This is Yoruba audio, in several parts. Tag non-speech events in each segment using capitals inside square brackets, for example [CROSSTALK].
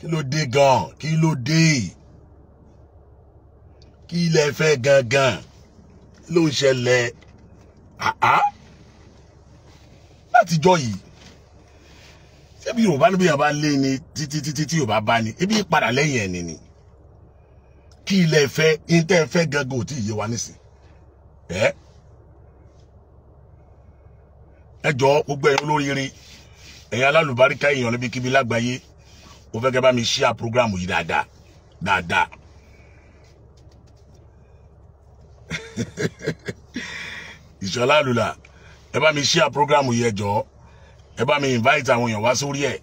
kí ló dé gan kí ló dé kí lẹ fẹ́ gangan ló ń ṣẹlẹ̀ àá látijọ́ yìí ṣébi yorùbá níbi yorùbá lé ni títí títí tí yorùbá bá ní ebi padà lẹ́yìn ẹni ni kí lẹ fẹ́ intẹ fẹ́ gangan ò tí ì yé wa nísìn ẹ ẹ jọ gbogbo ẹ̀yin olóríire ẹ̀yin alálùbáríkà èèyàn níbikíbi lágbàáyé mo fẹ́ kẹ́ bá mi ṣíà program yìí dáadáa dáadáa. [LAUGHS] Ìṣọ̀lá Àlùlà ẹ bá mi ṣíà program yìí ẹ ẹ bá mi invite àwọn èèyàn wá sórí ẹ̀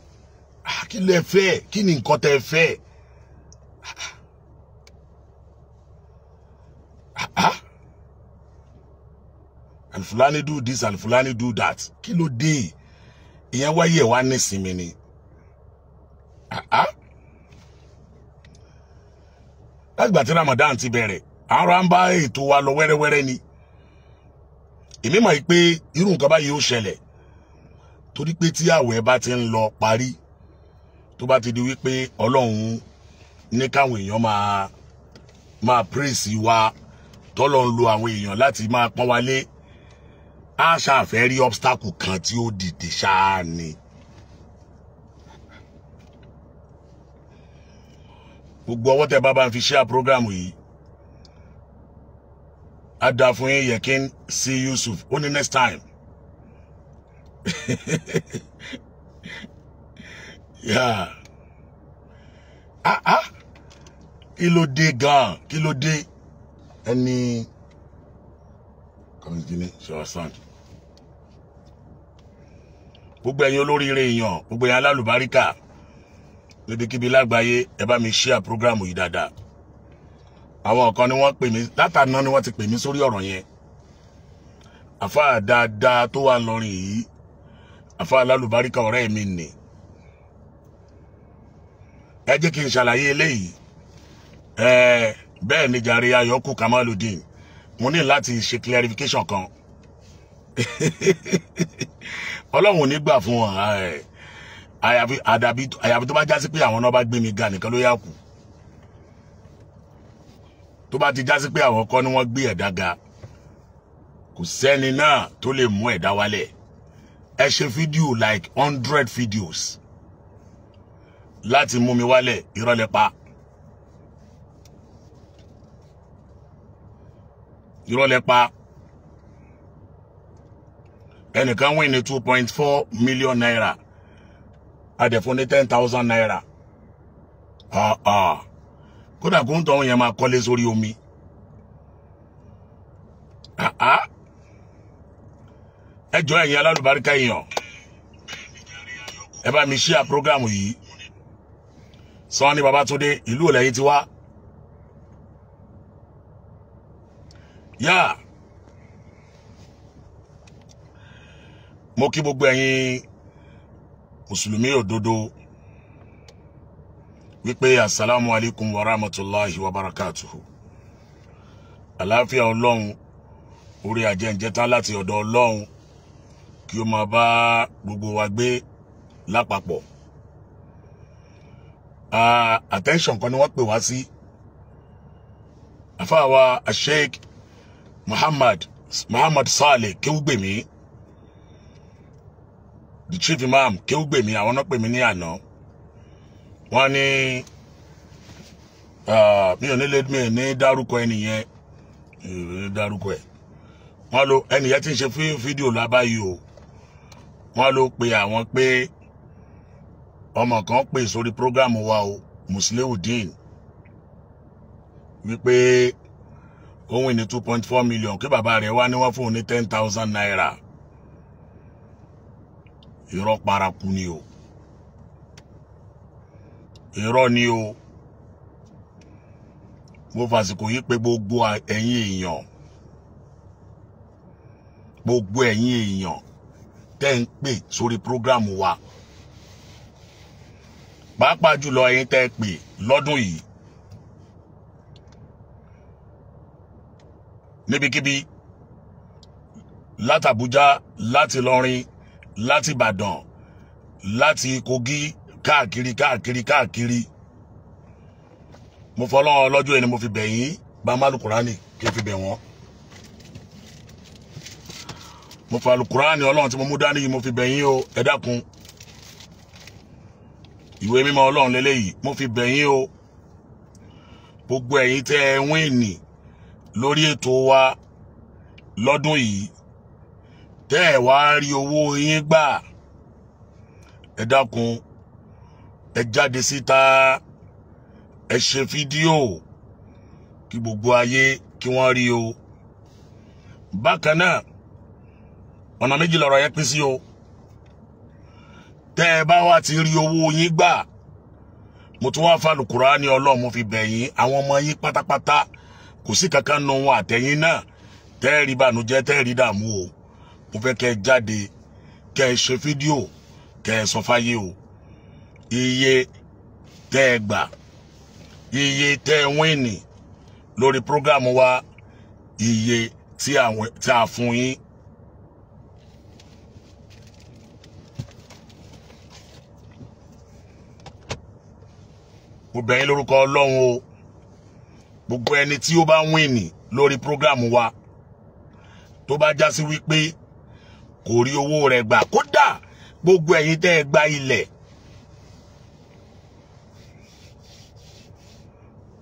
ah, kí lẹ fẹ́ kí ni nǹkan tẹ fẹ́ ah, ah. alfulani do this alfulani do that kí ló dé ìyẹn wáyé ẹ wá nísìnyí ni. Ah, ah. látìgbà tí Ramadan ti bẹ̀rẹ̀ à ń ra ń bá ètò wa lọ wẹ́rẹ́wẹ́rẹ́ ni èmi mọ̀ pé irú nǹkan báyìí ó ṣẹlẹ̀ torí pé tí àwẹ̀ bá ti ń lọ parí tó bá ti di wípé ọlọ́run ní káwọn èèyàn máa máa praise wa tọ́lọ̀ ń lo àwọn èèyàn láti máa pọ́n wa lé a ṣàfẹ́ rí obstacle kan tí ó dìde ṣáá ni. gbogbo ọwọ́ tẹ bàbá fi ṣíà program yìí á dáa fún yín yẹ kí n sí Yusuf ó ní next time [LAUGHS] yeah. ah, ah. kí ló dé gan-an kí ló dé ẹni kọ́míkínní ṣọ́ọ́sán gbogbo ẹ̀yin olóríire èèyàn gbogbo ẹ̀yin alálùbáríkà níbikíbi lágbàáyé ẹ bá mi ṣíà prógrámù yìí dáadáa àwọn kan ni wọ́n pè mí látàná ni wọ́n ti pè mí sórí ọ̀rọ̀ yẹn àfáà dáadáa tó wà lọ́rin yìí àfáà lálùbáríkà ọ̀rẹ́ mi nì ẹ jẹ́ kí n ṣàlàyé eléyìí ẹ bẹ́ẹ̀ ni jàre ayọ̀kù kamaludin mo ní láti ṣe clarification kan [LAUGHS] ọlọ́run ò ní gbà fún wọn ẹ àyàfi àdàbí àyàfi tó bá jásí pé àwọn náà bá gbé mi ga nìkan ló yà kù tó bá ti jásí pé àwọn kọ́ ni wọ́n gbé ẹ̀dá ga kò sẹ́ni náà tó lè mú ẹ̀dá wálẹ̀ ẹ ṣe fídíò like hundred videos láti mú mi wálẹ̀ ìrọ̀lẹ́ pa ìrọ̀lẹ́ pa ẹnìkan wíìnì two point four million naira adẹ̀fún ní ten thousand naira kódà kó ń tọ́ àwọn yẹn máa kọ́lé sórí omi ẹ jọ ẹ̀yin alálùbáríkà èèyàn ẹ bá mi ṣíà prógrámù yìí Sanni Babatunde ìlú ọ̀lẹ́yìn ti wá. yá mo kí gbogbo ẹ̀yin mùsùlùmí òdodo wípé asalaamu alaykum wa rahmatulahi wa barakatuhu àlàáfíà ọlọ́run orí àjẹǹjẹta láti ọ̀dọ̀ ọlọ́run kí ó máa bá gbogbo wa gbé lápapọ̀ attention kan ni wọ́n pè wá sí àfáàwa sheikh muhammad muhammad saleh kéwúgbèmí the chief imam kéwúgbèmí àwọn náà pè mí ní àná wọ́n ní ah, mi ò nílé mi ò ní dárúkọ ẹnìyẹn ní dárúkọ ẹ wọ́n lo ẹnìyẹn tí ń ṣe fídíò lábáyé o wọ́n ló pe àwọn pé ọmọ kan pè sórí program wa o Musleudeen wípé òun ní two point four million kí bàbá rẹ̀ wá ní wọ́n fún un ní ten thousand naira irọ́ paraku ni o irọ́ ni o mo fàsìkò yìí pé gbogbo ẹ̀yin èèyàn gbogbo ẹ̀yin èèyàn tẹ́ ń pè sórí program wa pàápàá jùlọ ẹ̀yin tẹ́ pè lọ́dún yìí níbikíbi látàbújá láti lọrin láti ìbàdàn láti kogi káàkiri káàkiri káàkiri mo fọlọ́wọ́ lọ́jọ́ yẹn ni mo fi bẹ̀ yín bá má lukurani kí n fi bẹ̀ wọ́n mo fa lukurani ọlọ́run tí mo mú dání yìí mo fi bẹ̀ yín o ẹ dákun ìwé mímọ́ ọlọ́run lélẹ́yìí mo fi bẹ̀ yín o gbogbo ẹ̀yin tẹ́ ẹ wíìnì lórí ètò wa lọ́dún yìí tẹ́ ẹ̀ wá rí owó yín gbà ẹ dákun ẹ jáde síta ẹ ṣe fídíò kí gbogbo ayé kí wọ́n rí o bákan náà ọ̀nà méjì lọ̀rọ̀ yẹn pín sí o tẹ́ ẹ bá wá ti rí owó yín gbà mo tún wá fàlùkùrá ní ọlọ́run fi bẹ̀ yín àwọn ọmọ yín pátápátá kò sí kankan nu àtẹ̀yìn náà tẹ́ ẹ rí bànújẹ́ tẹ́ ẹ rí dààmú o mo fẹ́ kẹ́ ẹ jáde kẹ́ ẹ ṣe fídíò kẹ́ ẹ sọ fáyé o iye tẹ́ ẹ gbà iye tẹ́ ẹ wíìnì lórí program wa iye tí a fún yín. obìnrin lórúkọ ọlọ́run o gbogbo ẹni tí ó bá wíìnì lórí program wa tó bá já wípé kò rí owó rẹ̀ gbà kódà gbogbo ẹ̀yin tẹ́ ẹ gba ilẹ̀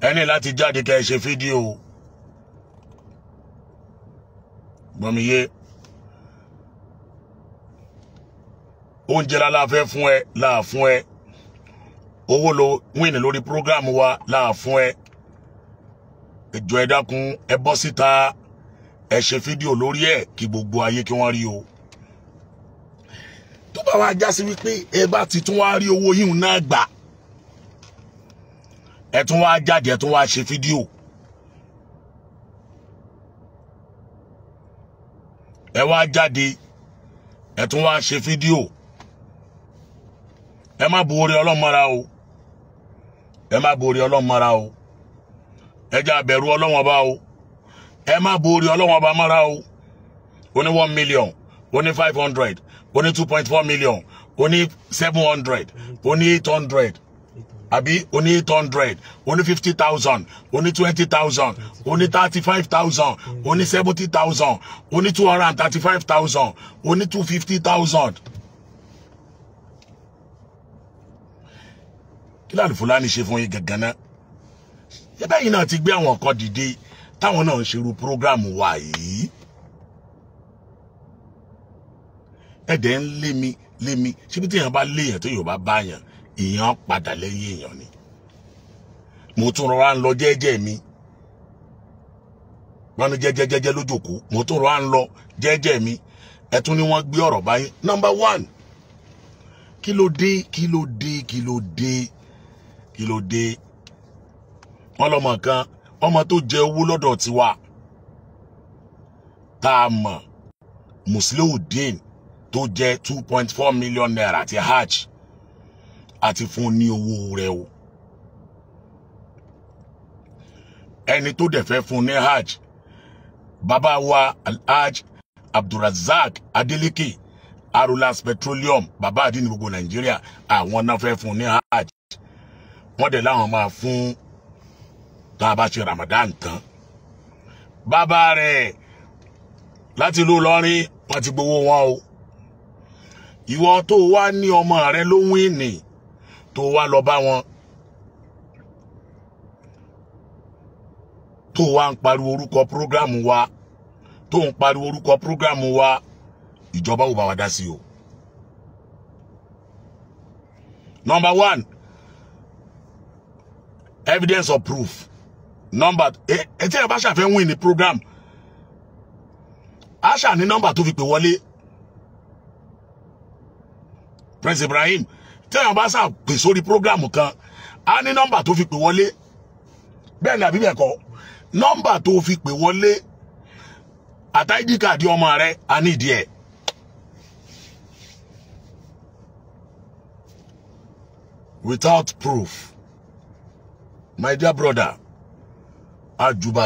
ẹni láti jáde kẹ́ ẹ ṣe fídíò gbọmíye oúnjẹ la fẹ́ fún ẹ la fún ẹ owó lo wíìnì lórí prógrámù wa la fún ẹ ìjọ ẹ dákun ẹ bọ́ síta ẹ ṣe fídíò lórí ẹ kí gbogbo ayé kí wọ́n rí o tó bá wá já sí wípé ẹ bá ti tún wá rí owó yíhun náà gbà ẹ tún wá jáde ẹ tún wá ṣe fídíò ẹ wá jáde ẹ tún wá ṣe fídíò ẹ má bu orí ọlọ́mọra o ẹ má bu orí ọlọ́mọra o ẹ jẹ́ abẹ̀rù ọlọ́wọ́n bá o ẹ má bu orí ọlọ́wọ́n bá mọ́ra o ó ní one million ó ní five hundred Only ní two point four million Only ní seven hundred ó ní eight hundred àbí only ní eight hundred Only ní fifty thousand Only ní twenty thousand ó thirty five thousand ó seventy thousand ó two hundred thirty five thousand ó two fifty thousand. kí láti fúlàní ṣe fún yín gangan náà ṣé bẹ́ẹ̀ yìí náà ti gbé àwọn ọkọ̀ dìde táwọn náà ń ṣerú prógráàmù wa yìí. ẹ̀dẹ̀ ń lé mi lé mi ṣébi tí èèyàn bá léèyàn tó yóò bá báyàn èèyàn padà lẹ́yìn èèyàn ni mo tún rọra ń lọ jẹ́ẹ́jẹ́ mi wọ́n ní jẹ́jẹ́jẹ́jẹ́ lójókòó mo tún rọra ń lọ jẹ́ẹ́jẹ́ mi ẹ tún ní wọ́n gbé ọ̀rọ̀ báyìí nọ́mbà one kí ló dé kí ló dé kí ló dé kí ló dé wọ́n lọ́mọ kan ọmọ tó jẹ owó lọ́dọ̀ tiwa tá a mọ̀ Musliudeen tó jẹ́ two point four million naira àti hajj àti fún ní owó rẹ̀ o ẹni tó dẹ̀ fẹ́ fún ní hajj bàbá wa Hajj abdulrasaq adeleke arulas petroleum bàbá àdínní gbogbo nàìjíríà àwọn náà fẹ́ fún ní hajj wọ́n dẹ̀ láwọn máa fún tá a bá ṣe ramadan tán bàbá rẹ̀ láti ìlú Ìlọrin wọ́n ti gbowó wọn o ìwọ tó wá ní ọmọ rẹ ló wí nì tó wá lọ bá wọn tó wá ń pariwo orúkọ prógrámù wa tó ń pariwo orúkọ prógrámù wa ìjọba ò bá wa dá sí o. number one evidence of proof number ẹ tí ẹ bá ṣàfẹ́ win ní program àṣà ní nọ́mbà tó fi pè wọlé Prince Ibrahim tẹ́yàn bá sà pè sórí program kan a ní nọ́mbà tó fi pè wọlé bẹ́ẹ̀ ni àbí bẹ́ẹ̀ kọ́ nọ́mbà tó fi pè wọlé àtàídì káàdì ọmọ rẹ a ní ìdí ẹ̀. without proof my dear brother a ju bá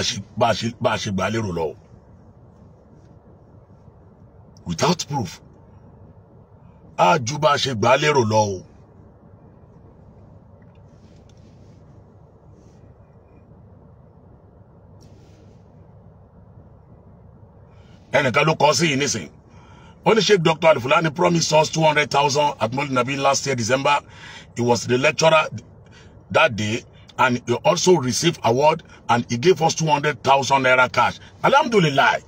a ṣe gbà lérò lọ without proof á ju bá a ṣe gbà á lérò lọ o. ẹnìkan ló kọ sí yìí nísìn ó ní Sheikh Dr. Alifulani promised us two hundred thousand at Maulid Nabi last year December he was the lecturer that day and he also received award and he gave us two hundred thousand naira cash alhamdulillah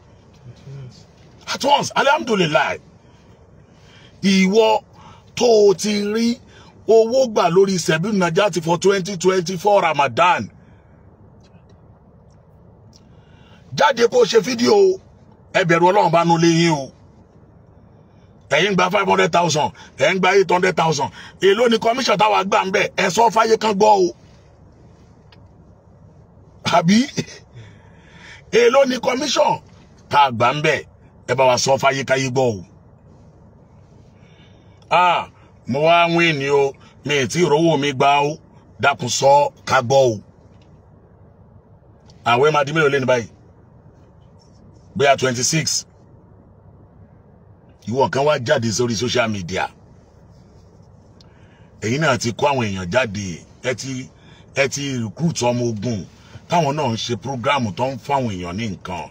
at once alhamdulillah ìwọ tó o ti rí owó gbà lórí Sebilu Nnajati for twenty twenty four Ramadan jáde kó ṣe fídíò ẹ bẹ̀rù Ọlọ́run bá nulẹ̀ yín o ẹ̀yin gba five hundred thousand ẹ̀yin gba eight hundred thousand èló ni commission táwa gbà ń bẹ̀ ẹ sọ fáyé kan gbọ́ o àbí èló ni commission tá a gbà ń bẹ̀ ẹ bá wa sọ fáyé káyé gbọ́ o ah mo wá wín ni o mi ì tí ìrówó mi gbà ó dákun sọ ká gbọ́ o àwẹ̀ máa di mélòó lé ní báyìí bóyá twenty six ìwọ kan wá jáde sórí social media ẹ̀yin náà ti kó àwọn èèyàn jáde ẹ ti ẹ ti recruit ọmọ ogun táwọn náà program ṣe programu tó ń fáwọn èèyàn ní nǹkan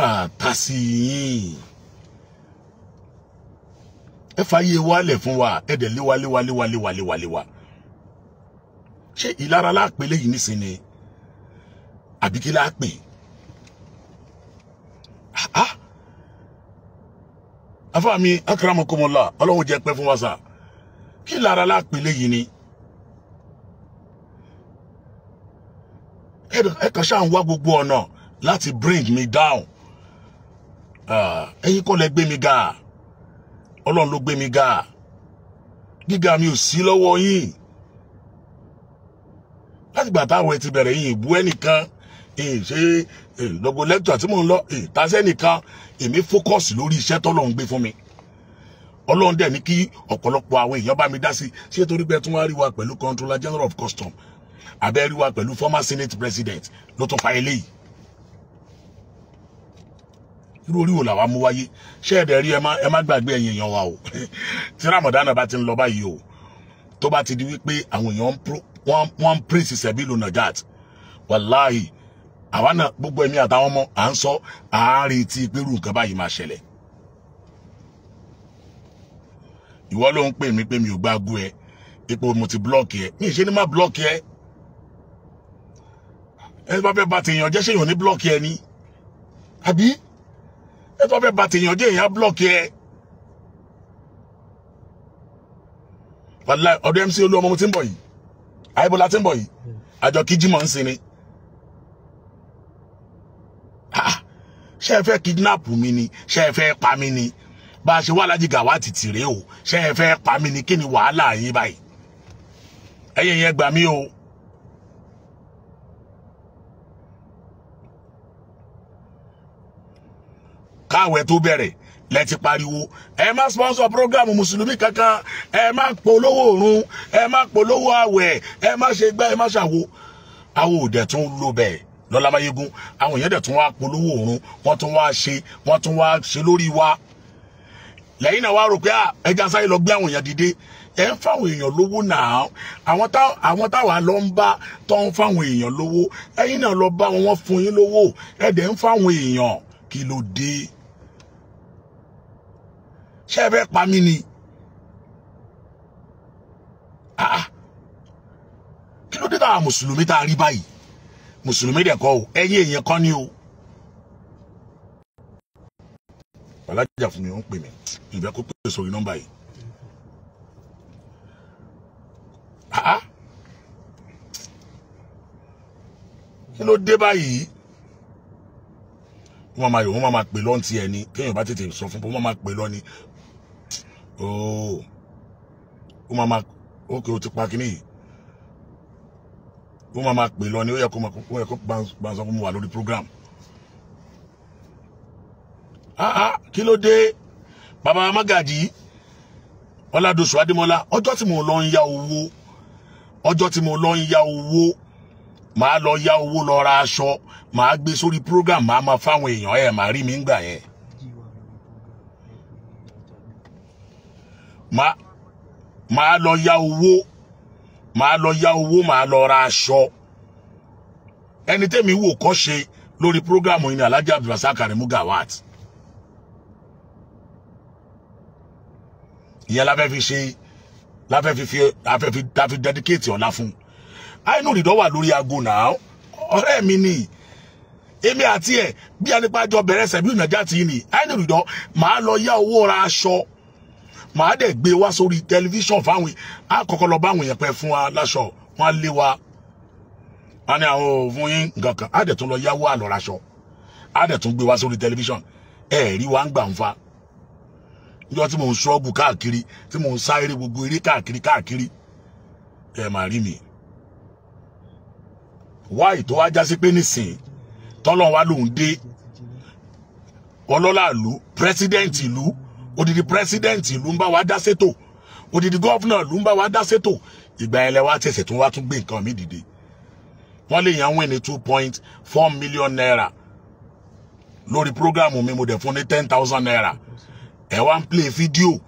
àtàsí yìí ẹ fàyè wálẹ̀ fún wa ẹ̀dẹ̀ léwaléwaléwaléwaléwa ṣé ìlara láàpẹ lẹ́yìn nísìn ni àbí kí láàpẹ afa mi akramakumullah ọlọ́run jẹ́ pẹ́ fún wa sà kí lára láàpẹ lẹ́yìn ni ẹ kàn ṣáà ń wá gbogbo ọ̀nà láti bring me down ẹ̀yin kọ́ lẹ gbé mi ga ọlọ́run ló gbé mi ga gíga mi ò sí lọ́wọ́ yín láti gbà táwọn ẹ ti bẹ̀rẹ̀ yìí bú ẹnìkan ṣe lọ́gbọ̀n lẹ́tọ̀ tí mò ń lọ ìtasẹ́ nìkan èmi fókọ̀sì lórí iṣẹ́ tọ́lọ́run gbé fún mi ọlọ́run dẹ̀ ní kí ọ̀pọ̀lọpọ̀ àwọn èèyàn bá mi dá sí ṣé torí pé tún wá rí wa pẹ̀lú controller general of custom abẹ́ rí wa pẹ̀lú former senate president ló tún fa eléyìí irú orí wo làwa mú wáyé ṣé ẹ̀dẹ̀ rí ẹ má gbàgbé ẹ̀yin èèyàn wa o [LAUGHS] tí Ramadan bá ti ń lọ báyìí o tó bá ti di wípé àwọn èèyàn wọ́n ń praise Sẹ́bílù Najat wàláhì àwa náà gbogbo ẹ̀mí àtàwọn ọmọ à ń sọ àárín tí pẹ̀lú nǹkan báyìí máa ṣẹlẹ̀ ìwọ ló ń pè mí pé mi ò gbágú ẹ ipò mo ti blọ́ọ̀kì ẹ mi ṣe ni má blọ́ọ̀kì ẹ ẹ bá fẹ́ bá ti yàn jẹ́ ṣé ní blọ́ọ̀kì ẹ ni àbí ẹ tó fẹ́ bá tèèyàn jẹ́ èèyàn blọ́ọ̀kì ẹ. wàláì ọ̀dọ̀ MC Olúọmọ mo ti ń bọ̀ yìí àìbọ̀lá ti ń bọ̀ yìí àjọ kìjìmọ̀ ń sinmi. Ah, ṣé ẹ fẹ́ kidnap mi ni ṣé ẹ fẹ́ pa mi ni bá a ṣe wà lájì gàwá tìtì rèé o ṣé ẹ fẹ́ pa mi ni kí ni wàhálà yín báyìí ẹ̀yin yẹn gbà mí o. káwẹ̀ tó bẹ̀rẹ̀ lẹ ti pariwo ẹ má sponsor program mùsùlùmí kankan ẹ má polówó òrun ẹ má polówó àwẹ̀ ẹ má ṣe gbá ẹ má ṣàwo àwọn òdẹ tún ló bẹ́ẹ̀ lọ́lá máyégún àwọn èèyàn dẹ̀ tún wá polówó òrun wọ́n tún wá ṣe wọ́n tún wá ṣe lórí wa lẹ́yìn náà wá rò pé ah, ẹja sáyé lọ gbé àwọn èèyàn dìde ẹ ń fáwọn èèyàn lówó náà àwọn táwa lọ ń bá tó ń fáwọn èèyàn lówó ẹ̀yin náà lọ bá wọn fún yín lówó ẹ dẹ̀ ń fáwọn èèyàn kí ṣé ẹ fẹ́ pa mí ni ah, ah. kí ló dé táwa mùsùlùmí tá a rí báyìí mùsùlùmí dẹ̀ kọ́ o ẹ̀yin èèyàn kọ́ ni o. alájà fún mi ó ń pè mí ìfẹ́ kó pèsè sórí nọ́mbà yìí. Ah, kí ló dé báyìí wọ́n máa yọ̀ wọ́n máa pè lọ́n ẹni kéèyàn bá tètè sọ fún wọn máa pè lọ́ni ooo ó máa máa ókè ó ti pa kínní yìí ó máa máa pè lọ ni ó yẹ kó máa ó yẹ kó gbansan kó wà lórí program ah ah kí ló dé bàbá Magaji Ọládọ̀sù Adémọ́lá mo lọ ń ya owó ma tí mo lọ ya owó màá lọ ya owó lọ ra aṣọ màá gbé sórí program màá máa fáwọn èèyàn ẹ màá rí mi ń gbà Ma, ma lọ ya owó ma lọ ya owó máa lọ ra aṣọ ẹni tẹ́mi wò kọ́ ṣe lórí prógrámù yìí ni Alhaji Abdulrasaq Aremu Gawat ìyẹn la fẹ́ fi ṣe la fẹ́ fi fi la fẹ́ fi la fi dedicate ọ̀la fún àìnú ìdìdọ́ wà lórí aago náà ọ̀rẹ́ mi nìyí èmi àti ẹ̀ bí a nípa jọ bẹ̀rẹ̀ sẹ̀bí ìnàjà tì í ni àìnú ìdìdọ́ máa lọ ya owó ra aṣọ màá dẹ̀ gbé wá sórí tẹlifíṣàn fáwọn àkọ́kọ́ lọ báwọn yẹn pẹ́ fún wa láṣọ wọn lé wa wọn ní àwọn òfun yín nǹkan kan á dẹ̀ tún lọ yáwó àlọ́raṣọ á dẹ̀ tún gbé wá sórí tẹlifíṣàn ẹ̀ẹ́rí wa ń gbà ń fa níjọ́ tí mò ń ṣọ́ọ̀bù káàkiri tí mò ń sá eré gbogbo eré káàkiri káàkiri ẹ̀ máa rí mi wáì tó wá sí pé nísìnyí tọ́lọ́ lòún dé ọlọ́lá ìlú pírẹ́sídẹ́ǹtì ìlú odidi president ìlú ń bá wa dá sétò odidi gọ́vnà ìlú ń bá wa dá sétò ìgbà yẹn lẹ wá tẹ̀sẹ̀ tó wá tún gbé mi dìde wọ́n lè yàn wín ní two point four million naira lórí program mi mo dẹ̀ fún ní ten thousand naira E wá play video,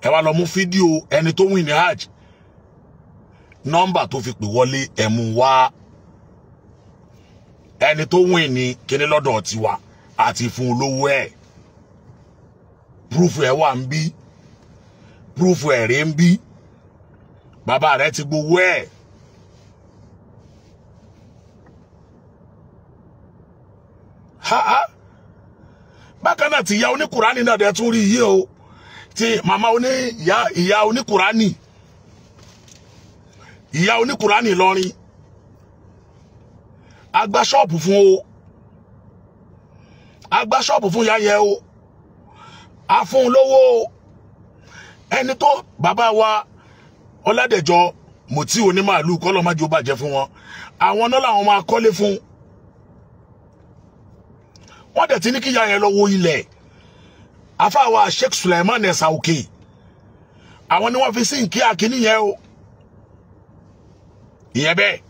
e wá lọ mú fídíò ẹni tó win ní hajj nọ́mbà tó fi pè wọlé ẹ mú wá ẹni tó win ní kíní lọ́dọ̀ tiwa àti fún olówó ẹ̀. E proof ẹ̀ wà ń bí proof ẹ̀ rí ń bí bàbá rẹ̀ ti gbowó ẹ̀. bákan náà ti ìyá oníkùránì náà dẹ̀ tún rí iye o ti màmá oní ìyá oníkùránì ìyá oníkùránì lọrin a gba ṣọ́ọ̀bù fún o a gba ṣọ́ọ̀bù fún yáyẹ o á fún un lówó ẹni tó bàbá wa ọládẹjọ mọtí onímàálù kọlọmájú bàjẹ́ fún wọn àwọn náà làwọn máa kọ́lé fún wọn dẹ̀ ti ní kíyà yẹn lọ wo ilẹ̀ afáwa Sheikh Suleiman ẹsà òkè àwọn ni wọ́n fi sí nkí àkíní yẹn o ìyẹn bẹ́ẹ̀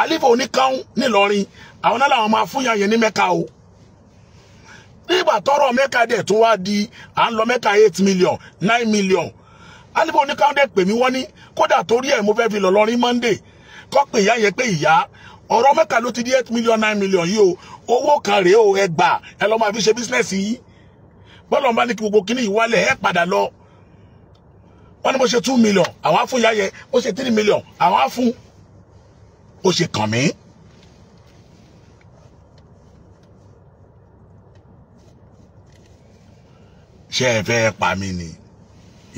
alifa oníkan ńìlọrin àwọn náà làwọn máa fún yàn yẹn ní mẹ́ka o nígbà tọrọ mẹ́ka dẹ̀ tún wá di à ń lọ mẹ́ka eight million nine million alibo oníkàndẹ̀ pè mí wọ́n ní kódà torí ẹ̀ mo fẹ́ fi lọ monday kọ́ pé ìyá yẹn pé ìyá ọ̀rọ̀ mẹ́ka ló ti di eight million nine million yìí o owó kan rèé o ẹ gbà ẹ lọ́ máa fi ṣe bísínẹ́sì yìí bọ́lá ọba ní kí gbogbo kíní yìí wálẹ̀ ẹ padà lọ wọ́n ní mo ṣe two million àwọn á fún ìyá yẹn mo ṣe three million àwọn á fún ó ṣe kàn mí. ṣé ẹ fẹ́ pa mí ni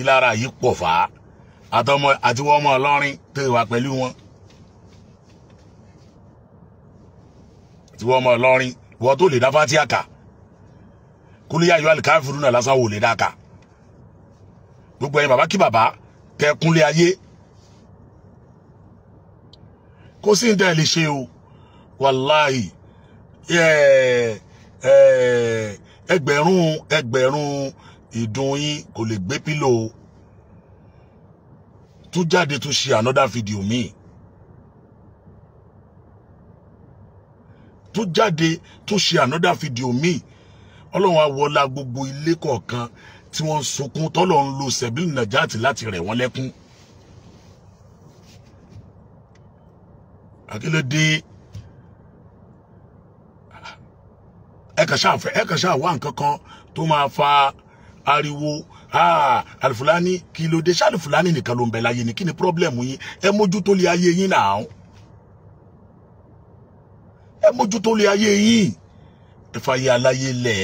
ìlara yìí pọ̀ fà á àtọmọ àti wọ́n ọmọ ọlọ́rin tó ìwà pẹ̀lú wọn àti wọ́n ọmọ ọlọ́rin wọ́n tó lè dá fátíà kà kúlíyà yọ àlìkáfìrú náà lásán wò lè dá kà gbogbo ẹ̀yin bàbá kí bàbá kẹkúnlé ayé kó sì ń dẹ́ lè ṣe o wàláhì ẹ̀ẹ́ ẹ̀ẹ́ ẹgbẹ̀rún ẹgbẹ̀rún ìdun yín kò lè gbé pílò tún jáde tún ṣe another video míì tún jáde tún ṣe another video míì ọlọ́run á wọlá gbogbo ilé kọ̀ọ̀kan tí wọ́n ń sunkún tọ́lọ̀ ń lo sẹ̀bílì nàjáàtì láti rẹ̀ wọ́n lẹ́kún. akílódé ẹ kàn ṣáà fẹ́ ẹ kàn ṣáà wá tó máa fa ariwo alifulani ah, kí ló dé ṣàlùfulani nìkan ló ń bẹ láyé ni kí ni pírọ́blẹ̀mù yín ẹ mójútó lé ayé yín náà ẹ mójútó lé ayé yín ẹ fàyè aláyé lẹ̀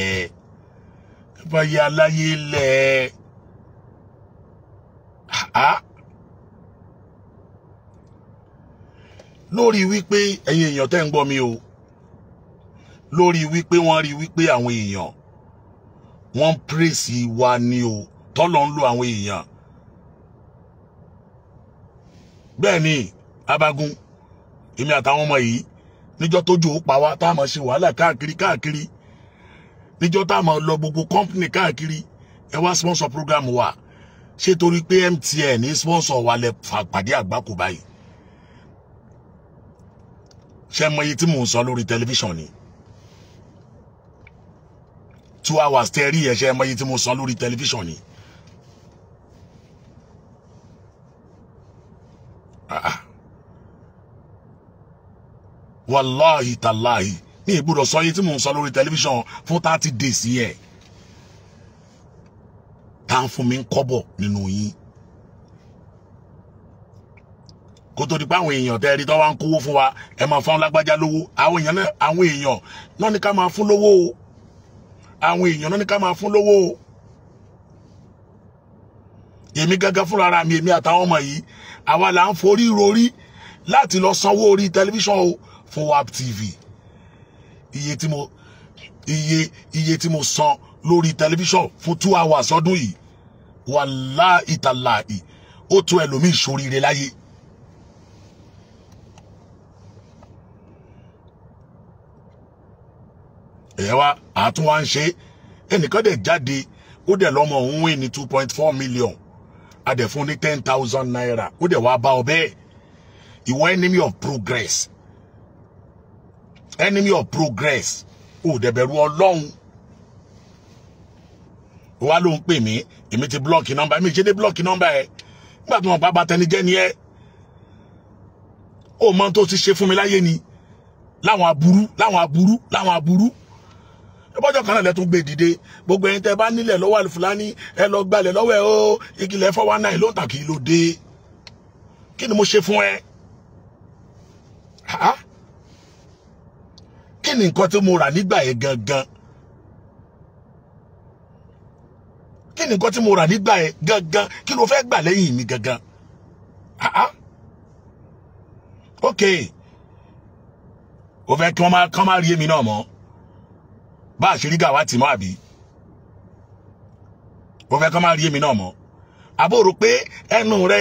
ẹ fàyè aláyé lẹ̀ lórí wípé ẹ̀yin èèyàn tẹ́ ń gbọ́ mi o lórí wípé wọ́n rí wípé àwọn èèyàn wọ́n pírèsì wa ni o tọ́lọ́ ń lo àwọn èèyàn bẹ́ẹ̀ ni abagun èmi àtàwọn ọmọ yìí níjọ́ tójú ó pa wá tá a máa ṣe wàhálà káàkiri káàkiri níjọ́ tá a máa lọ gbogbo kọ́ńpìnì káàkiri ẹ wá sponsor program wa ṣé torí pé MTN sponsor wa lẹ pàdé àgbákò báyìí ṣe mọ iye tí mò ń sọ lórí tẹlifíṣàn ni two hours tẹ́ rí ẹ̀ṣẹ́ ẹmọ iye tí mo san lórí tẹlifíṣàn ni. Ah, ah. wàláhì tàláhì ní ìgbọ́dọ̀ sọ iye tí mo san lórí tẹlifíṣàn fún thirty days yẹ tá à ń fún mi ń kọ́bọ̀ nínú yín kó tó di pé àwọn èèyàn tẹ́ rí tó wá ń kówó fún wa ẹ máa fún lágbájá lówó àwọn èèyàn náà ní ká máa fún lówó o àwọn èèyàn náà ní ká máa fún lówó o èmi gángan fúnra ara mi èmi àtàwọn ọmọ yìí àwa là ń forí rorí láti lọ sanwó orí tẹlifíṣàn o fún WAP TV iye tí mo iye iye tí mo san lórí tẹlifíṣàn fún two hours ọdún yìí wàláì tàláì ó tó ẹlòmíì ṣoríire láyé ẹ̀yẹ wa àtún wa ń ṣe ẹnìkan dẹ̀ jáde ó dẹ̀ lọ́mọ òun wí ní two point four million a dẹ̀ fún ní ten thousand naira ó dẹ̀ wá bá ọ bẹ́ẹ̀ ìwọ enemy of progress enemy of progress ò dẹ̀ bẹ̀rù ọlọ́run wá ló ń pè mí èmi ti blọ́ọ̀kì nọ́mbà èmi ìṣẹ́dé blọ́ọ̀kì nọ́mbà ẹ̀ nígbà tí wọn bá bá tẹni jẹ́ ni ó mọ tó ti ṣe fún mi láyé ni láwọn aburú láwọn aburú láwọn aburú lọ́bọ́jọ́ kan náà lẹ́tún gbé dìde gbogbo ẹ̀yin tẹ́ bá nílẹ̀ lọ́wọ́ àlùfúlání ẹ lọ gbalẹ̀ lọ́wọ́ ẹ ó igilẹ̀ four one nine ló ń tà kí ló dé kí ni mo ṣe fún ẹ kí ni nǹkan tí mo rà nígbà yẹn gangan kí ni nǹkan tí mo rà nígbà yẹn gangan kí ló fẹ́ gbà lẹ́yìn mi gangan ok o fẹ́ kí wọ́n máa rí èmi náà mọ́ bá àṣírí gàwá tì mọ́ àbí ó fẹ́ kán má rí èmi náà mọ́ àbòrò pé ẹnu rẹ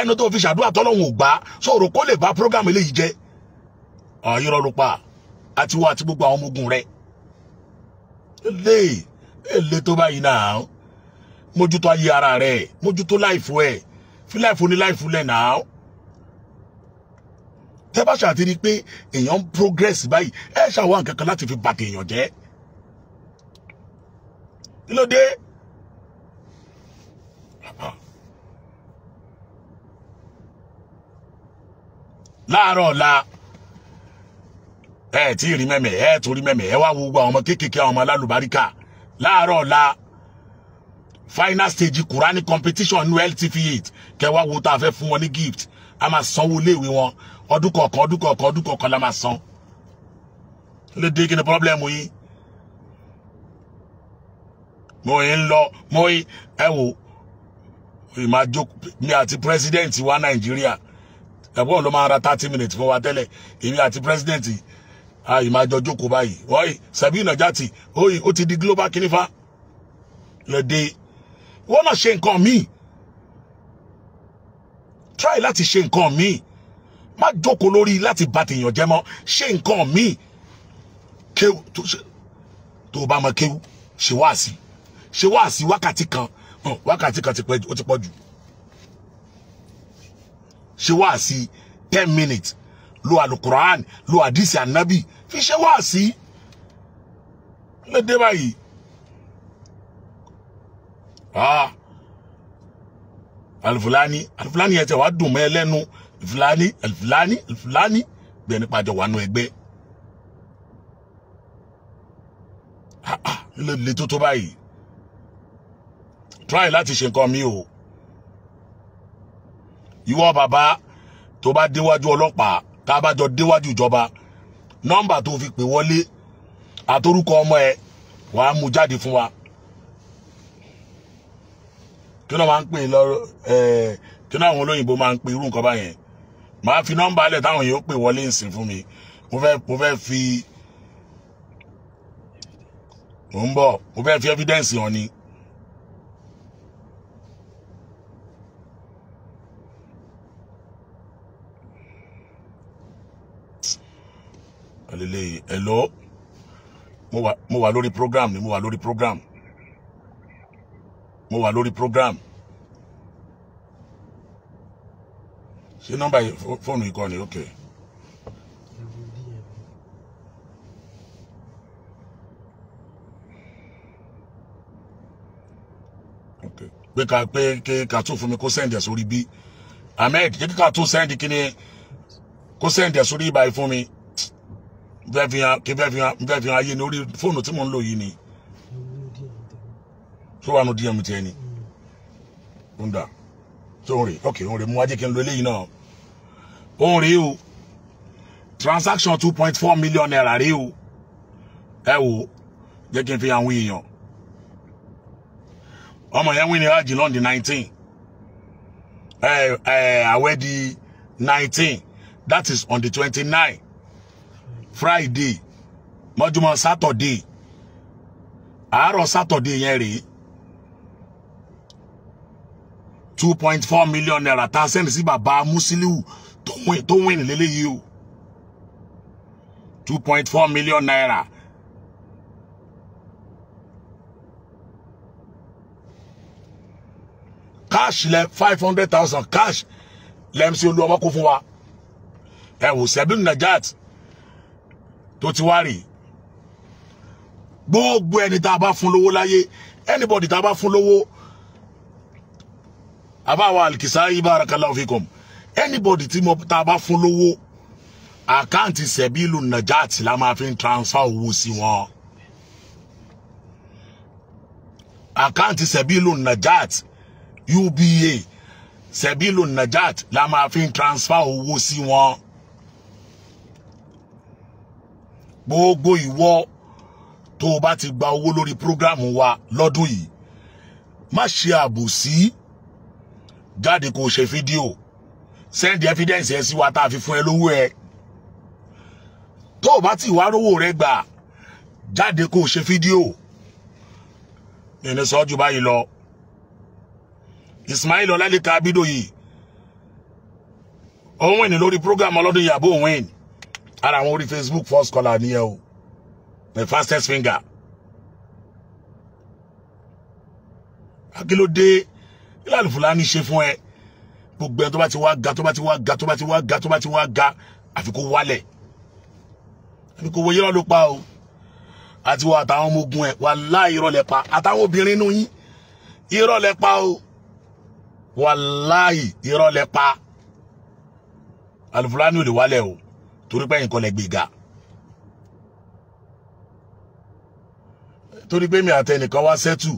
ẹnu tó fi ṣàdúrà tọ́lọ́hún ò gbà sọ̀rọ̀ kó lè bá program eléyìí jẹ́ ọ̀yọ́rọ̀ ló pa àti wọ́n àti gbogbo àwọn ọmọ ogun rẹ̀ lè èlé tó báyìí náà mójútó ayé ara rẹ̀ mójútó láìfò ẹ̀ fi láìfò ní láìfò lẹ̀ náà tẹ́ bá ṣàtìrí pé èèyàn ń progress báyìí ẹ̀ ṣàwọn nǹkan kan láti fi bàtẹ̀ èèyàn jẹ́ kí ló dé. láàárọ̀ ọ̀la ẹ tí ì rí mẹ́mẹ́ ẹ tó rí mẹ́mẹ́ ẹ wá wo gbogbo àwọn ọmọ kéékèèké àwọn ọmọ alálùbáríkà láàárọ̀ ọ̀la final stage kurani competition ní ltv eight. kẹwàá wo tá a fẹ́ fún wọn ní gift a máa sanwó iléèwé wọn ọdún kọ̀ọ̀kan ọdún kọ̀ọ̀kan ọdún kọ̀ọ̀kan la máa san. ló dé kí ni pọ́blẹ́mù yìí mo ń lọ mo ń ẹ wò jókòó mi àti president wa nàìjíríà ẹ̀bùn ló máa ra thirty minutes fún wa tẹ́lẹ̀ èmi àti president ìmá jọ jókòó báyìí ọ̀hìn sẹ̀bí ìnàjàtì ọ̀hìn ó ti di global kìnìfà lọ́dẹ wọ́n náà ṣe nǹkan míì try láti ṣe nǹkan míì má jókòó lórí láti bà tèèyàn jẹ́ mọ́ ṣe nǹkan míì kéwù tó bá mọ kéwù ṣe wá sí i ṣe wá sí wákàtí kan wákàtí kan ti pẹ́ ó ti pọ̀ jù ṣe wá sí ten minutes lo alukuraan lo àdìsí ànábì fi ṣe ah. wá sí lédè báyìí alifulani alifulani ẹ tẹ wàá dùn mọ́ ẹ lẹ́nu alifulani alifulani alifulani bẹ́ẹ̀ nípa àjọ wàánu ẹgbẹ́ ah ah lè tó tó báyìí try láti ṣe nǹkan mi o ìwọ bàbá tó bá déwájú ọlọ́pàá tá a bá jọ déwájú ìjọba nọ́mbà tó fi pè wọlé àtorúkọ ọmọ ẹ wàá mú jáde fún wa kí ló máa ń pè lọ kí ló àwọn olóyìnbó máa ń pè irú nǹkan báyẹn màá fi nọ́mbà alẹ̀ táwọn èèyàn pè wọlé ń sìn fún mi mo fẹ́ mo fẹ́ fi mo ń bọ̀ mo fẹ́ fi evidence hàn ni. lélẹ́yìí hello mo wà lórí program ni mo wà lórí program mo wà lórí program Se nọ́mbà fóònù yìí kọ́ ni ok. pé ká pé ké ká tún fún mi kó sẹ́ǹdì ẹ̀ sórí ahmed jẹ́ kí ká tún sẹ́ǹdì kí ni kó sẹ́ǹdì ẹ̀ sórí mi fẹ́ fi hàn kí fẹ́ fi hàn fẹ́ fi hàn ayé ní orí fóònù tí mò ń lò yìí ni tó wà nù dm tiẹ̀ ni ń dà tó ń rè ok ń rè mú wájú kí n lo eléyìí náà ó ń rè o transaction two point four million naira rè o ẹ wò jẹ́ kí n fi àwọn èèyàn ọmọ yẹn wíni hajj lọ́ndì nineteen ẹ ẹ àwẹ̀ di nineteen that is on the twenty nine friday mọ́júmọ́ saturday àárọ̀ saturday yẹn rèé two point four million naira tá a sẹ́ni sí bàbá musiliu tó win lélẹ́yìí o two point four million naira. cash lẹ five hundred thousand cash lẹ́mísí olú ọmọ kó fún wa ẹ wò najat tó ti wá rèé gbogbo ẹni tá a bá fún lówó láyé anybody tá a bá fún lówó àbáwá alikisaayi barakallahu fikum anybody tí mo tá a bá fún lówó àkáǹtì sẹ̀bílù nàjáàtì la máa fi ń transfer owó sí wọn àkáǹtì sẹ̀bílù nàjáàtì uba sẹ̀bílù nàjáàtì la máa fi ń transfer owó sí wọn. gbogbo ìwọ tó o bá ti gba owó lórí program wa lọ́dún yìí má ṣe àbòsí jáde kó ṣe fídíò send evidence ẹ sí wa tá a fi fún ẹ lówó ẹ tó o bá ti wá rówó rẹ gbà jáde kó o ṣe fídíò nínú sọ́jú báyìí lọ Ismail Ọlálẹ́kan Abídòyè òun wìn lórí program ọlọ́dún yìí àbó òun wìn ara àwọn orí Facebook first caller nìyẹn o the fastest finger akílódé Hilal Fulani ṣe fún ẹ gbogbo ẹ tó bá ti wá ga tó bá ti wá ga tó bá ti wá ga tó bá ti wá ga àfi kó wálẹ̀ àfi kó wọyé lọ́dún pa o àti wọ àtàwọn ọmọ ẹ wallahi irọ́ lẹ pa àtàwọn obìnrin inú yín irọ́ pa o wallahi irọ́ lẹ pa Al ò lè wálẹ̀ o torí pé ẹ̀yin kọ́ lẹ gbéga. torí pé mi àtẹnìkan wá sẹ́tù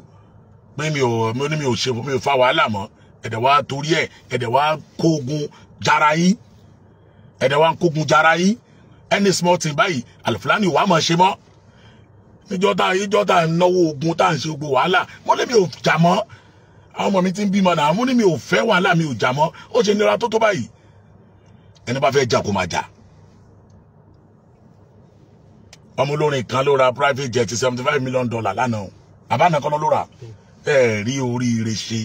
pé mi ò mi ò ní mi ò ṣe mi ò fa wàhálà mọ́ ẹ̀dẹ̀ wá torí ẹ̀ ẹ̀dẹ̀ wá kógun jara yín ẹ̀dẹ̀ wá kógun jara yín any small thing báyìí àlùfáàní wàá mọ̀ ṣe mọ́ níjọ́ tá níjọ́ tá náwó ogun tá à ń ṣe gbogbo wàhálà mo ní mi ò jà mọ́ àwọn ọmọ mi ti ń bímọ náà mo ní mi ò fẹ́ wàhálà mi ò jà mọ́ ó ṣe nira tó tó báyìí ẹni bá fẹ́ jà kó máa jà ọmọ olórin kan ló ra private jet seventy five million dollar lánàá àbáná kan ló rà ẹ rí oríire ṣe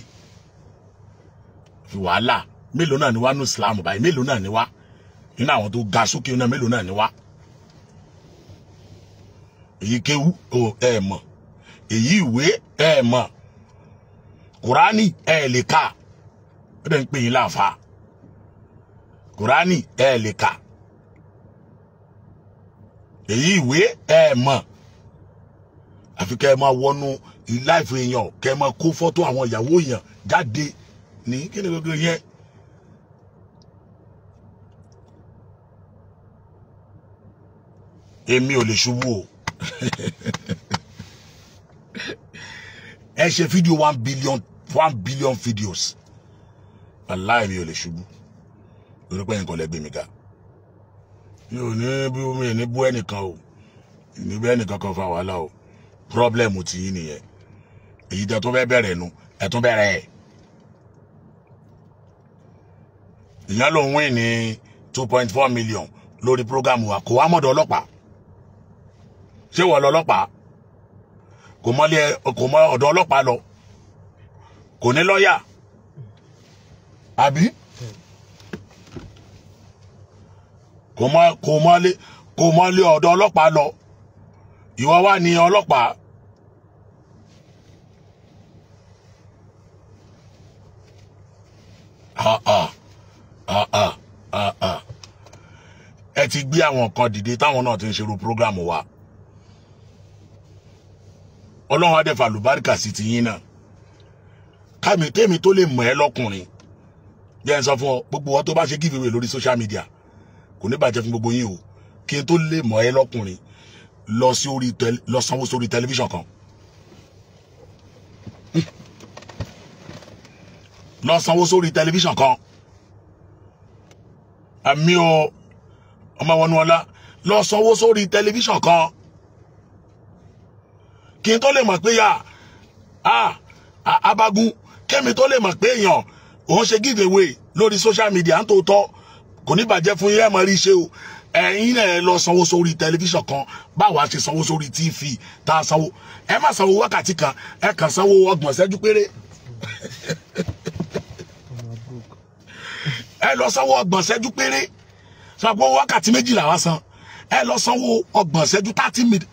wàhálà mélòó náà ni wá ní Islam báyìí mélòó náà ni wá nínú àwọn tó ga sókè náà mélòó náà ni wá èyí kéwú ẹ mọ̀ èyí ìwé ẹ mọ̀ kùránì ẹ lè kà ó dẹ̀ ń pè yín láàfà kùránì ẹ lè kà èyí ìwé ẹ mọ̀ àfi kẹ́ ẹ máa wọnú láìfẹ́ èèyàn kẹ́ ẹ máa kó fọ́tò àwọn ìyàwó èèyàn jáde ní kí gbogbo yẹn. èmi ò lè ṣubú o [LAUGHS] ẹ ṣe fídíò one billion one billion videos aláìmí ò lè ṣubú lórí pé nǹkan lẹ́gbẹ̀ẹ́ mi ga mi ò ní bí mi ní bú ẹnìkan o ní bú ẹnìkan kan fa wàhálà o problem ti yín nìyẹn èyí tẹ́ tó fẹ́ bẹ̀rẹ̀ nu ẹ tún bẹ̀rẹ̀ ẹ̀ ìyá ló ń win ní two point four million lórí programu wa kò wá mọ̀dọ̀ ọlọ́pàá ṣé wọ́n lọ ọlọ́pàá kò kò mọ ọ̀dọ̀ ọlọ́pàá lọ kò ní lọ́ọ̀yà àbí. kò mọ kò mọ lé kò mọ lé ọ̀dọ̀ ọlọ́pàá lọ ìwọ wá ní ọlọ́pàá. Ah, ah, ah, ẹ ti gbé àwọn nǹkan dìde táwọn náà ti ń ṣerú program wa ọlọ́run adẹ́fà lùbáríkà sí ti yín náà kámi tèmi tó lè mọ̀ ẹ́ lọ́kùnrin jẹ́ ń sọ fún ọ gbogbo ọ tó bá ṣe giveaway lórí social media kò ní bàjẹ́ fún gbogbo yín o kí n tó lè mọ̀ ẹ́ lọ́kùnrin lọ sí orí lọ sanwó sórí tẹlifíṣàn kan lọ sanwó sórí tẹlifíṣàn kan àmì o ọmọ wọnú ọlá lọ sanwó sórí tẹlifíṣàn kan kí n tó lè mọ̀ pé yà á abagun kẹ́mi tó lè mọ̀ pé èèyàn òun ṣe giveaway lórí social media ń tòótọ́ kò ní bàjẹ́ fún yín ẹ máa rí ṣe o ẹ̀yin náà ẹ lọ sanwó sórí tẹlifíṣàn kan báwa ṣe sanwó sórí tv tá a sanwó ẹ má sanwó wákàtí kan ẹ kàn sanwó ọgbọ̀n ṣẹ́jú péré ẹ lọ sanwó ọgbọ̀n ṣẹ́jú péré sanwó wákàtí méjìlá wa san ẹ lọ sanwó ọgbọ̀n ṣẹ́jú thirty minutes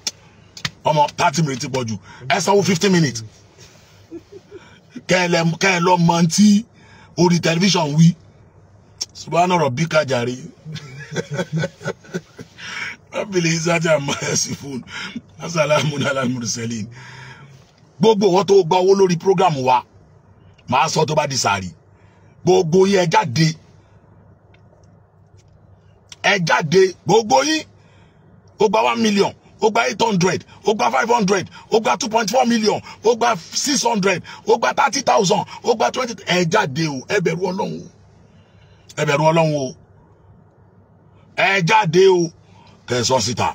ọmọ thirty minutes ti pọ̀ jù ẹ sanwó fifty minutes kẹ́ ẹ lọ mọ ti orí tẹlifíṣàn wí subhana rabbika jàre rabbil izzati amma yasifun asalamu ala mursalin gbogbo wọn tó gba owó lórí program wa màá sọ tó bá di sàárì gbogbo yín ẹ jáde ẹ jáde gbogbo yín ó gba one million ó gba eight hundred ó gba five hundred ó gba two point four million ó gba six hundred ó gba thirty thousand ó gba twenty ẹ jáde o ẹ bẹ̀rù ọlọ́run o ẹ bẹ̀rù ọlọ́run o ẹ jáde o kẹ síta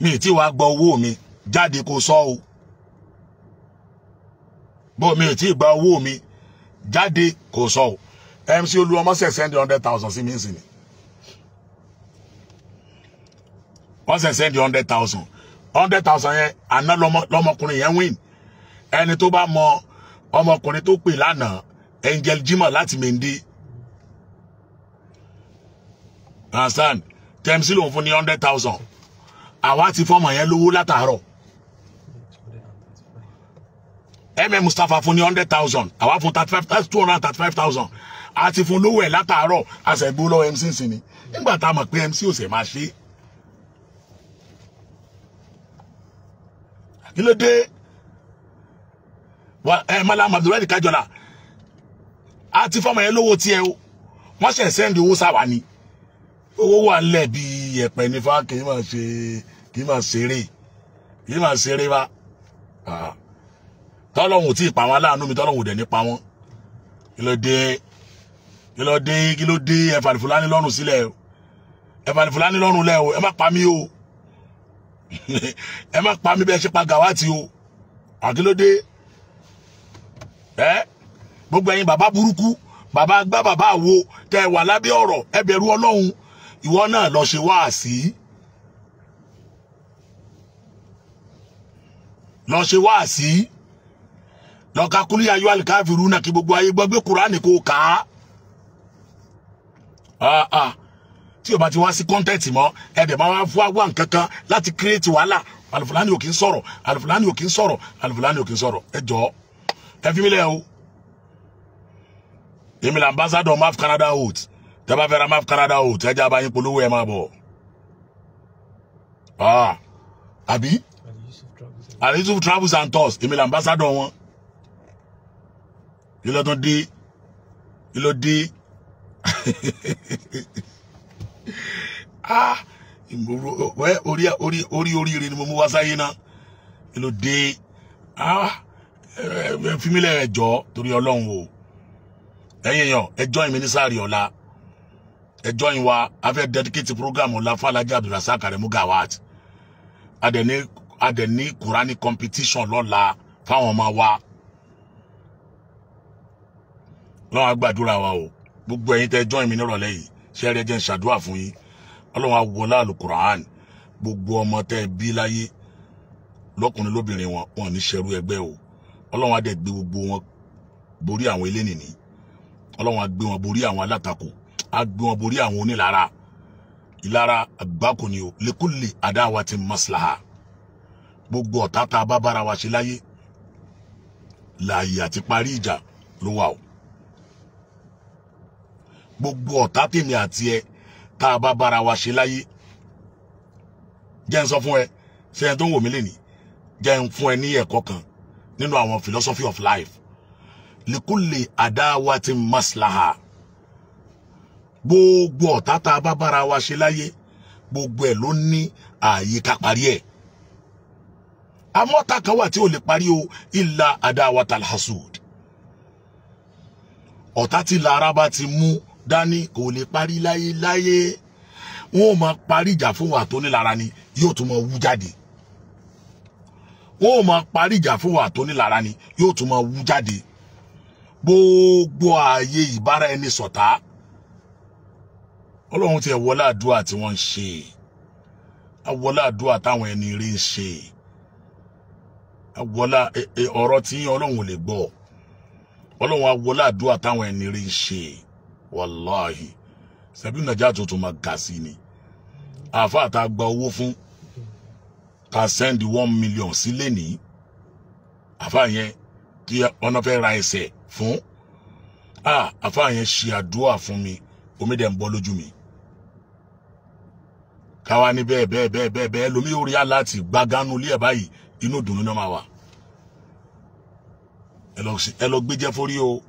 mi tí wàá gba owó mi jáde kó sọ o bó mi tí gba owó mi jáde kó sọ o MC Olúọmọ ṣe send hundred thousand sí mi sí ni wọ́n ṣe send hundred thousand hundred thousand yẹn àná lọ́mọkùnrin yẹn win ẹni tó bá mọ ọmọkùnrin tó pè lánàá Angel Jimoh láti Mende understand tẹ́mísì lòun fún ní hundred thousand àwa ti fọmọ yẹn lówó látàárọ̀ mm mustapha fún ní hundred thousand àwa fún thirty five two hundred and thirty five thousand a ti fún lówó ẹ̀ látàárọ̀ àṣẹ̀gbó lọ́wọ́ mc sí ni nígbà tá a mọ̀ pé mc ò sì máa ṣe kí ló dé ẹ malam abdulrahman kájọlá a ti fọmọ yẹn lówó tiẹ̀ o wọ́n ṣẹ̀ sẹ́ndì owó sáwà ni owó wà nílẹ̀ bí ẹ̀pẹ̀ nífa kì í máa ṣe kì í máa ṣeré kì í máa ṣeré bá tọ́lọ́hùn tí ìpàwọn aláàánú mi tọ́lọ́hùn dẹ̀ nípa wọn kí ló dé kí ló dé kí ló dé ẹ̀fà fúlàní lọ́rùn sílẹ̀ o ẹ̀fà fúlàní lọ́rùn lẹ̀ o ẹ má pa mí o [LAUGHS] ẹ má pa mí bẹ́ẹ̀ ṣe pa gàwátì o àkílódé ẹ gbogbo ẹ̀yin bàbá burúkú bàbá gbá bàbá àwo tẹ wà lábẹ́ ọ̀rọ̀ ẹ Ọlọ́run ìwọ náà lọ ṣe wáàsí lọ ṣe wáàsí lọ ka kúlí ayọ àlìkáfìrú náà kí gbogbo ayé gbọ́ gbé kúránì kó kà á ah, ah. tí o bá ti wá sí kọ́ńtẹ́ǹtì mọ́ ẹ̀dẹ̀ máa wá fún àwọn nǹkan kan láti kírètì wàhálà alifulani ò kì í sọ̀rọ̀ alifulani ò kì sọ̀rọ̀ alifulani ò kì sọ̀rọ̀ ẹ jọ ẹ fi mí lẹ̀ o èmi là ambassador maf Canada oath tẹ́ bá fẹ́ ra máf Canada o tẹ́jà bá yín polówó ẹ̀ máa bọ̀ ah, àbí Ali Yusuf travels and tours èmi là ambassador wọn yìí lọ́tún dé yìí [LAUGHS] ah, ló dé ah orí orí ori ori ori ori mú wá sáyé náà yìí ló dé ah fímílẹ̀ ẹ̀jọ́ torí ọlọ́run o ẹ̀yin èèyàn ẹjọ́ ìmínísàárì ọ̀la ẹ join wa a fẹ́ dedicate program ọ̀la fàlàjà abdulrasaq aremu gawat adẹni adẹni kurani competition lọ́la fáwọn ọmọ wa lọ́wọ́ gbàdúrà wa o gbogbo ẹ̀yin tẹ́ join mi nírọ̀lẹ́ yìí ṣé ẹ jẹ́ ń ṣàdúrà fún yín ọlọ́run awọlá alukuraan gbogbo ọmọ tẹ́ bí láyé lọ́kùnrin lóbìnrin wọn wọn ní ṣẹrú ẹgbẹ́ o ọlọ́run adẹ gbé gbogbo wọn borí àwọn elénìní ọlọ́run agbé wọn borí àwọn alátakò á gbé wọn borí àwọn onílara ìlara àgbákò ni o lẹ́kùnlé adáwa ti maslaha gbogbo ọ̀tá tá a bá bára wa ṣe láyé láàyè àti parí ìjà ló wà o gbogbo ọ̀tá tèmi àti ẹ tá a bá bára wa ṣe láyé jẹ́ ń sọ fún ẹ sẹ́yìn tó ń wò mí lẹ́nìí jẹ́ ń fún ẹ ní ẹ̀kọ́ kan nínú àwọn philosophy of life lẹ́kùnlé adáwa ti maslaha gbogbo ọ̀tá tá a bá bára wa ṣe láyé gbogbo ẹ̀ ló ní ààyè ká parí ẹ̀ amọ́ta kan wà tí ò lè parí o ìlà adáwàtà alhasud ọ̀tá tí lára bá ti mú dání kò lè parí láyé láyé wọn ò máa parí ìjà fún wa tó ní ni yóò tún máa wú jáde wọn ò máa parí ìjà fún wa tó ní ni yóò tún máa wú jáde gbogbo ààyè ìbára ẹni ṣọ̀tá. So ọlọ́run tiẹ̀ wọlé àdúrà tí wọ́n ń ṣe awọlé àdúrà táwọn ẹni rí ń ṣe awọlé e, e, ọ̀rọ̀ tí ọlọ́run lè gbọ́ ọlọ́run awọlé àdúrà táwọn ẹni rí ń ṣe wàláhì sẹ́bí nàìjíríà tuntun máa ga sí ni àáfàá tá gba owó fún ta send one million sílé ní àáfàá yẹn kí ọ̀nà fẹ́ ra ẹsẹ̀ fún ah, àáfàá yẹn ṣe àdúrà fún mi omi dẹ̀ ń bọ́ lójú mi káwa ní bẹ́ẹ̀ bẹ́ẹ̀ bẹ́ẹ̀ bẹ́ẹ̀ bẹ́ẹ̀ lómi yóò rí aláàtì gbagánú ilé ẹ̀ báyìí inú ìdùnnú náà máa wà ẹ lọ gbéjẹ́ forí o.